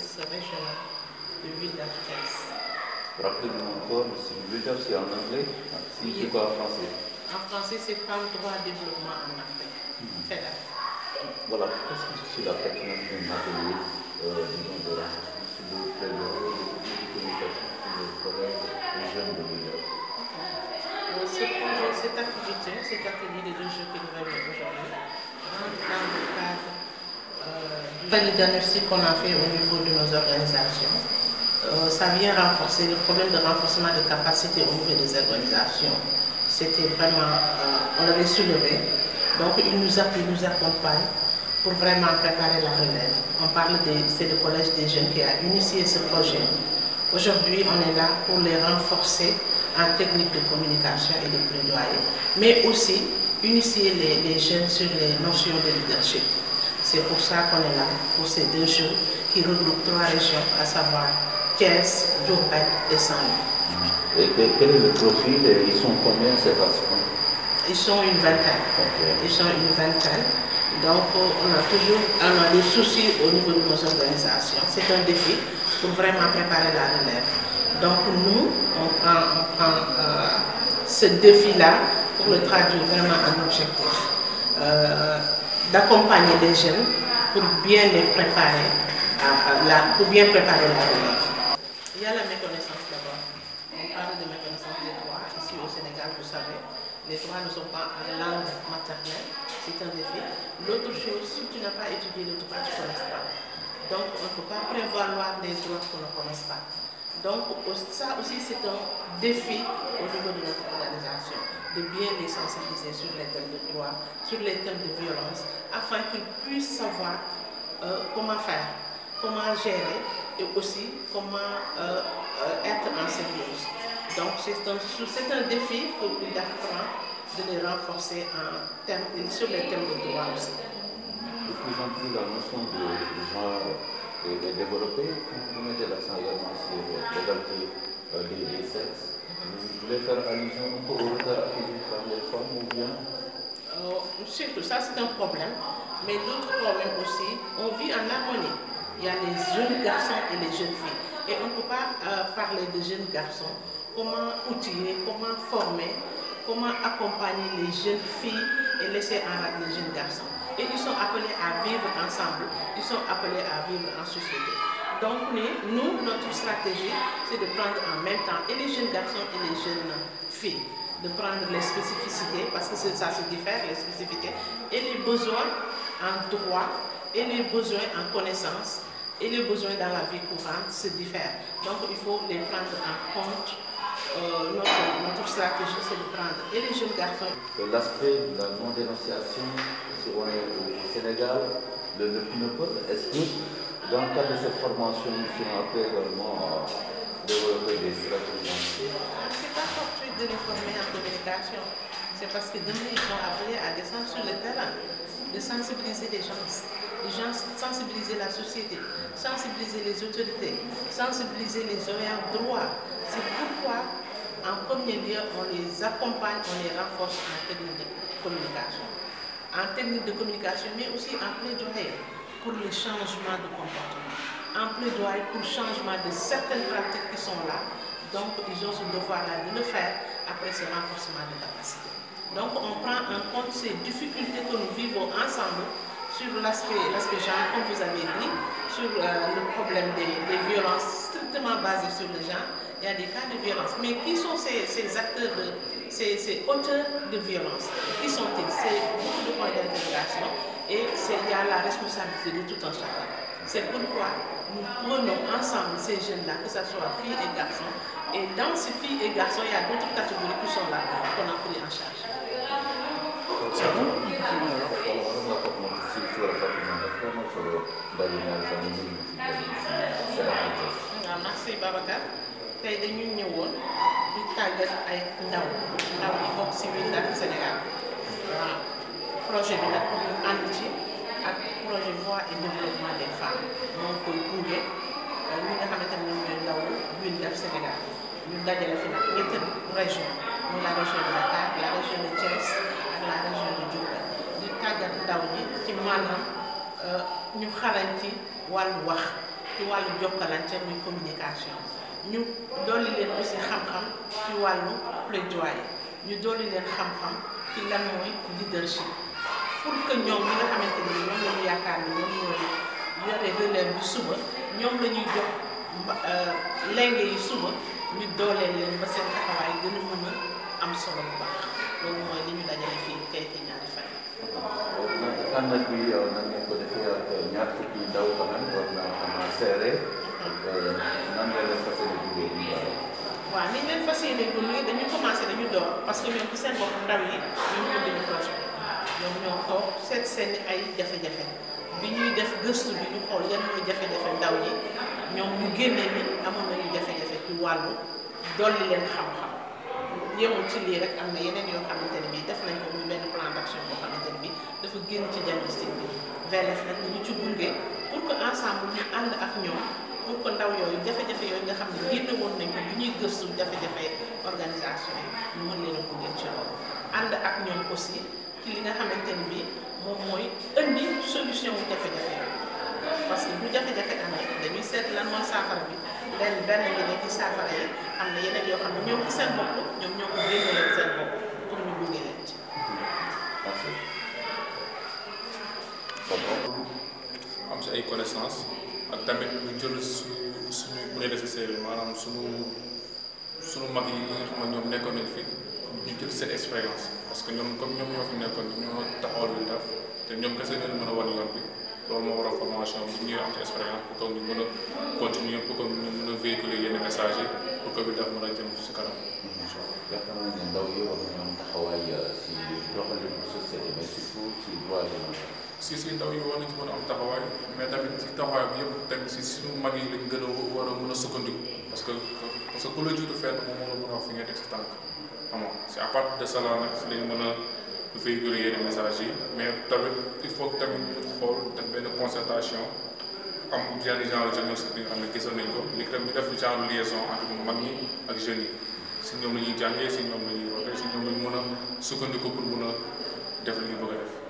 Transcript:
Savajala, de l'huile d'Africaise. Rappelez-nous encore, monsieur, l'huile d'Africaise, c'est en anglais Si oui. quoi en français En français, c'est Femme, Droit, Développement en Afrique. Mm -hmm. C'est là. Voilà, qu'est-ce que c'est la pertinence d'un atelier euh, pas le diagnostic qu'on a fait au niveau de nos organisations. Euh, ça vient renforcer le problème de renforcement de capacité au niveau des organisations. C'était vraiment, euh, on l'avait soulevé. Donc il nous a, il nous accompagne pour vraiment préparer la relève. On parle de, c'est le collège des jeunes qui a initié ce projet. Aujourd'hui, on est là pour les renforcer en technique de communication et de plaidoyer, mais aussi initier les, les jeunes sur les notions de leadership. C'est pour ça qu'on est là, pour ces deux jeux qui regroupent trois régions, à savoir Thiès, Diourbel et Saint-Louis. Mmh. Et quel est le profil Ils sont sont une vingtaine. Okay. Ils a toujours on a des au niveau de nos organisations. C'est un défi pour vraiment préparer la relève. Donc, nous, on prend, euh, ce défi-là pour le traduire vraiment en objectif. Euh, d'accompagner les des pour bien les préparer, pour bien préparer la relève. Il y a la méconnaissance d'abord. On parle de méconnaissance des droits. Ici au Sénégal, vous savez, L'autre chose, si tu n'as pas étudié le droit, Donc on ne peut pas droits qu'on Donc c'est un défi au niveau de notre organisation, de bien les sensibiliser sur les thèmes de droit, sur les thèmes de violence, afin qu'ils puissent savoir euh, comment faire, comment gérer et aussi comment euh, euh être en Donc c'est un, défi que nous apprend de les renforcer sur les thèmes de droit aussi. De plus en plus, la notion de genre est développée. Vous mettez l'accent également Euh, les, les sexes. Vous euh, voulez faire allusion au retard Surtout ça, c'est un problème. Mais l'autre problème aussi, on vit en harmonie. Il y a les jeunes garçons et les jeunes filles. Et on ne peut pas euh, parler de jeunes garçons. Comment outiller, comment accompagner les jeunes filles et laisser en rade les jeunes garçons. Et ils sont appelés à vivre ensemble, ils sont appelés à vivre en société. Donc, nous, notre stratégie, c'est de prendre en même temps et les jeunes garçons et les jeunes filles, de prendre les spécificités, parce que ça se diffère, les spécificités, et les besoins en droit, et les besoins en connaissance, et les besoins dans la vie courante se diffèrent. Donc, il faut les prendre en compte. Euh, notre, stratégie, c'est de prendre et les jeunes garçons. Euh, l'aspect de la non-dénonciation, si on est au Sénégal, le ne est-ce que Dans le de cette formation, des stratégies. C'est pas de nous en communication. C'est parce que demain, ils sont appelés à descendre sur le terrain, de sensibiliser les gens, les gens sensibiliser la société, sensibiliser les autorités, sensibiliser les horaires droits. C'est en premier lieu, on les accompagne, on les renforce en technique de communication. de communication, mais aussi en plaidoyer. pour le changement de comportement, en plaidoyer pour le changement de certaines pratiques qui sont là. Donc, ils ont ce devoir-là le faire après ce renforcement de capacité. Donc, on prend en compte ces difficultés que nous vivons ensemble sur l'aspect genre, comme vous avez sur euh, le problème des, des, violences strictement basées sur le genre. Il y a des cas de violence. Mais qui sont ces, acteurs, de, ces, ces, auteurs de Qui sont-ils C'est beaucoup de points et c'est il y a la responsabilité de tout un chacun. C'est pourquoi nous prenons ensemble ces jeunes-là, que ce soit filles et garçons, et dans ces filles et garçons, il y a d'autres catégories qui sont là qu'on a pris en charge. waaw ah, merci Babacar tey dañu ñëwoon di tàggat ay ndaw ndaw yi bokk si biir Sénégal waaw projet bi nag ñu ànd ci projet voix et développement moom koy gunge euh, ñi nga xamante ne ñoom ñooy ndaw UNICEF Sénégal ñu dajale fi nag ñetti région muy la région de la région la région de Diourbel di tàggat ndaw ñi ci maanaam euh, ñu xarañ ci wàllu wax ci wàllu jokkalante muy communication ñu dolli leen aussi xam-xam ci wàllu plaidoyer ñu dolli leen xam-xam ci lan mooy leadership pour que ñoom ñi nga xamante ni ñoom la yaakaar ni ñoom ñooy suba ñoom la ñuy jox euh, lenge yi suba ñu dooleel leen ba seen taxawaay gën a mën am solo bu baax loolu mooy li ñu dajale fii tey ci ko defee ak ñaar fukki ndaw quand même war naa xam seere euh, nan leen fas yéene duggee ñu dañu commencé dañu door parce que ñoom ci seen bopp ndaw yi ñu ngi indi projet ñoom ñoo toog seet seen ay jafe-jafe bi ñuy def gëstu bi ñu xool yan jafe-jafe ndaw yi ñoom ñu amoon nañu jafe-jafe ci wàllu dolli leen xam-xam ci lii rek am na yeneen yoo xamante bii def nañ ko muy benn plan d'action boo dafa génn ci diagnostic bi VLF nag ñu ci gunge pour que ensemble ñu ak ñoom pour ndaw yooyu jafe-jafe yooyu nga xam ne génne woon nañ ko bu ñuy gëstu jafe-jafe organisation yi ñu mën leen a gunge ci loolu ànd ak ñoom aussi ci li nga xamante ni bii moom mooy indi solution wu jafe-jafe parce que bu jafe-jafe amee dañuy seet lan mooy saafara bi benn benn bi ne ci saafara yi am na yeneen yoo xam ne ñoom ci seen bopp ñoom ñoo ko génne seen bopp pour ñu gunge leen ci. am si ay connaissance ak tamit ñu jël suñu prédécesseur yi maanaam suñu suñu mag yi nga xam ne ñoom nekkoon nañ fi ñu jël seen expérience. parce que ñoom comme ñoom ñoo fi nekkoon ñoo taxawal lu def te ñoom kese ñoo a wan yoon bi loolu moo waral a continuer pour a véhiculer bi daf mën a jëm si kanam. Euh, incha yi war nañu ci mën bi yëpp tamit si suñu mag yi lañ gën a war a mën a sukkandiku parce que parce que a fi nga teg sa xam nga c'est à partir de cela nag si lañ mën a véhiculer yenn message yi mais tamit il faut tamit ñu xool def benn concertation am yenn genre diagnostic bi nga xam ne gisoon nañ ko ni tam ñu def genre liaison entre mag ñi ak jeunes yi si ñoom la ñuy jàngee si ñoom la ñuy wootee si ñoom la ñu mën a sukkandiku pour mën a def li ñu def.